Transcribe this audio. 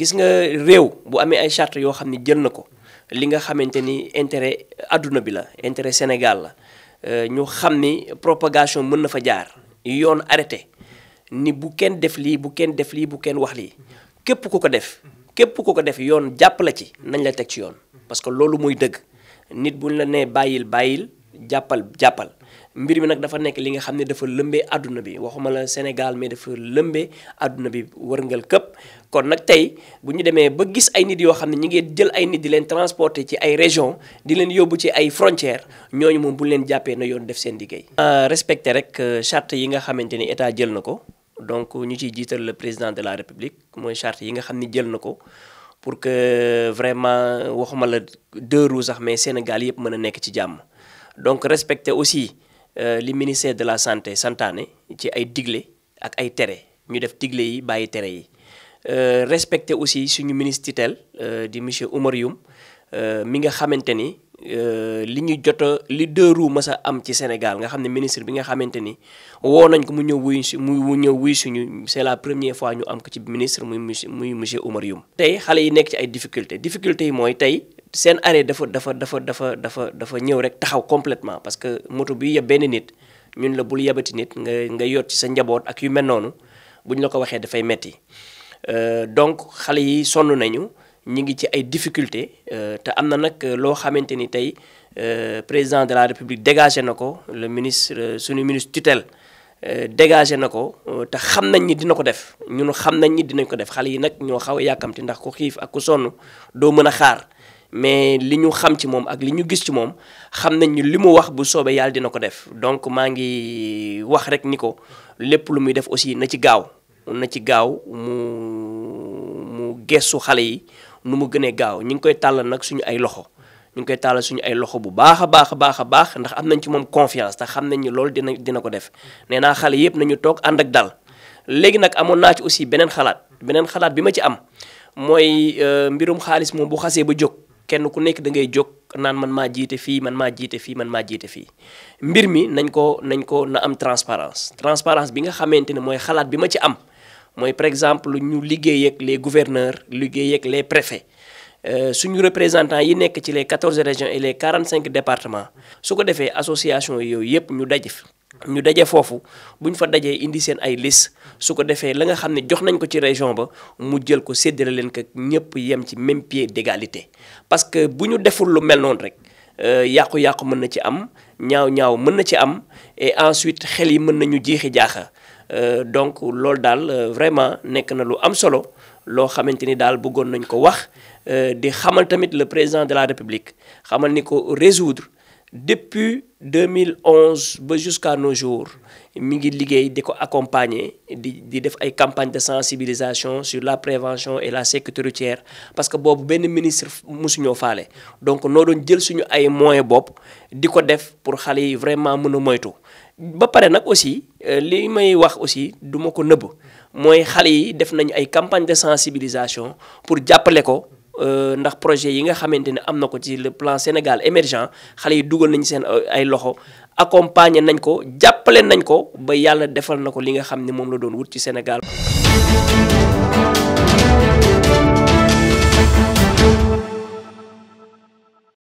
gis nga réew bu amee ay charte yoo xam ne jël na ko li nga xamante ni intérêt àdduna bi la intérêt Sénégal la euh, ñu xam ni propagation mën na fa jaar yoon arrêté ni bu kenn def lii bu kenn def lii bu kenn wax lii képp ku ko def képp ku ko def yoon jàpp la ci nañ la teg ci yoon parce que loolu mooy dëgg nit bu buñ la nee bàyyil bàyyil jàppal jàppal mbir mi nag dafa nekk li nga xam ne dafa lëmbee àdduna bi waxuma la Sénégal mais dafa lëmbee àdduna bi wërngal këpp kon nag tey bu ñu demee ba gis ay nit yoo xam ne ñu ngi jël ay nit di leen transporter ci ay région di leen yóbbu ci ay frontières ñooñu moom bu leen jàppee na yoon def seen liggéey. Euh, respecté rek euh, charte yi nga xamante ni état jël na ko donc ñu ciy jiital le président de la république mooy charte yi nga xam ni jël na ko. pour que euh, vraiment waxuma la deux sax mais Sénégal yëpp mën a nekk ci jàmm donc respecter aussi euh, li ministère de la santé santaane ci ay digle ak ay tere ñu def digle yi bàyyi tere yi euh, respecter aussi suñu ministre tutelle euh, di monsieur Oumar Youm mi nga xamante ni li ñu jot li deux roues mas a am ci Sénégal nga xam ne ministre bi nga xamante ni woo nañ ko mu ñëw wuy mu ñëw wuy suñu c'est la première fois ñu am ko ci ministre muy muy monsieur Oumar Youm. tey xale yi nekk ci ay difficultés difficultés yi mooy tey. seen arrêt dafa dafa dafa dafa dafa dafa ñëw rek taxaw complètement parce que moto bi yeb benn nit ñun la bul yebati nit nga nga yot ci sa njaboot ak yu mel noonu ñu la ko waxee dafay metti euh, donc xale yi sonn nañu ñi ngi ci ay difficulté euh, te am na nag loo xamante ni tey euh, président de la république dégagé na ko le ministre suñu ministre tutelle dégagé na ko te xam nañ ni dina ko def ñun xam nañ ni dinañ ko def xale yi nag ñoo xaw yàkkamti ndax ku xiif ak ku sonn mais li ñu xam ci moom ak li ñu gis ci moom xam nañ li mu wax bu soobee yàlla dina ko def donc maa ngi wax rek ni ko lépp lu muy def aussi na ci gaaw na ci gaaw mu mu gestu xale yi nu mu gënee gaaw ñu ngi koy tàllal nag suñu ay loxo ñu ngi koy tàllal suñu ay loxo bu baax a baax a baax a baax ndax am nañ ci moom confiance te xam nañ ni loolu dina dina ko def nee naa xale yëpp nañu toog ànd ak dal léegi nag amoon naa ci aussi beneen xalaat beneen xalaat bi ma ci am mooy euh, mbirum xaalis moom bu xasee ba jóg kenn ku nekk da ngay jóg naan man maa jiite fii man maa jiite fii man maa jiite fii mbir mi nañ ko nañ ko na am transparence transparence bi nga xamante ne mooy xalaat bi ma ci am mooy par exemple ñu liggéey ak les gouverneurs liggéey ak les préfets euh, suñu représentants yi nekk ci les quatorze régions et les quarante cinq départements su ko defee association yooyu yëpp ñu dajif ñu daje foofu bu ñu fa dajee indi seen ay liste su ko defee la nga xam ne jox nañ ko ci région ba mu jël ko séddale leen ko ñëpp yem ci même pied d'égalité parce que bu ñu deful lu mel noonu rek euh, yàqu-yàqu mën na ci am ñaaw-ñaaw mën na ci am et ensuite xel yi mën nañu jiixi jaaxa euh, donc loolu daal euh, vraiment nekk na lu am solo loo xamante ni daal bëggoon nañ ko wax di xamal tamit le président de la république xamal ni ko résoudre depuis. 2011 ba jusqu'à nos jours mi ngi liggéey di ko accompagner di di def ay campagne de sensibilisation sur la prévention et la sécurité parce que boobu benn ministre mosuñoo faale donc noo doon jël suñu ay moyens bopp di ko def pour xale yi vraiment mën a moytu ba pare nag aussi euh, li may wax aussi du ma ko nëbb mooy xale yi def nañu ay campagne de sensibilisation pour jàppale ko Euh, ndax projet yi nga xamante ne am na ko ci le plan Sénégal émergent xale yi dugal nañ seen euh, ay loxo accompagner nañ ko jàppale nañ ko ba yàlla defal na ko li nga xam ne moom la doon wut ci Sénégal.